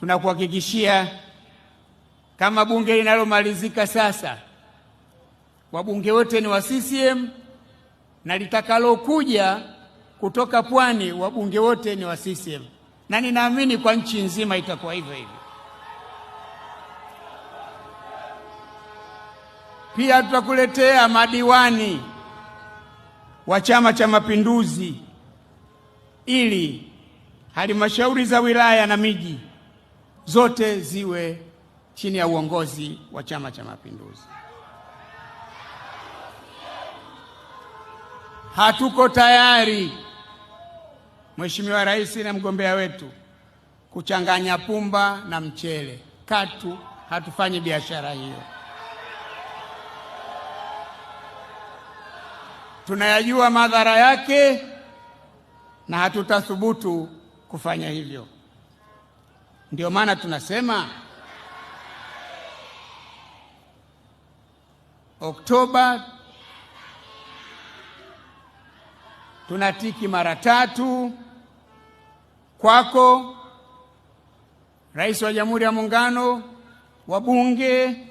Tunakuhakikishia kama bunge linalomalizika sasa, wabunge wote ni wa CCM na litakalokuja kutoka Pwani, wabunge wote ni wa CCM na ninaamini kwa nchi nzima itakuwa hivyo hivyo. Pia tutakuletea madiwani wa Chama cha Mapinduzi ili halmashauri za wilaya na miji zote ziwe chini ya uongozi wa Chama cha Mapinduzi. Hatuko tayari Mheshimiwa Rais na mgombea wetu kuchanganya pumba na mchele. Katu hatufanyi biashara hiyo. Tunayajua madhara yake na hatutathubutu kufanya hivyo. Ndio maana tunasema Oktoba tunatiki mara tatu kwako, Rais wa Jamhuri ya Muungano, wabunge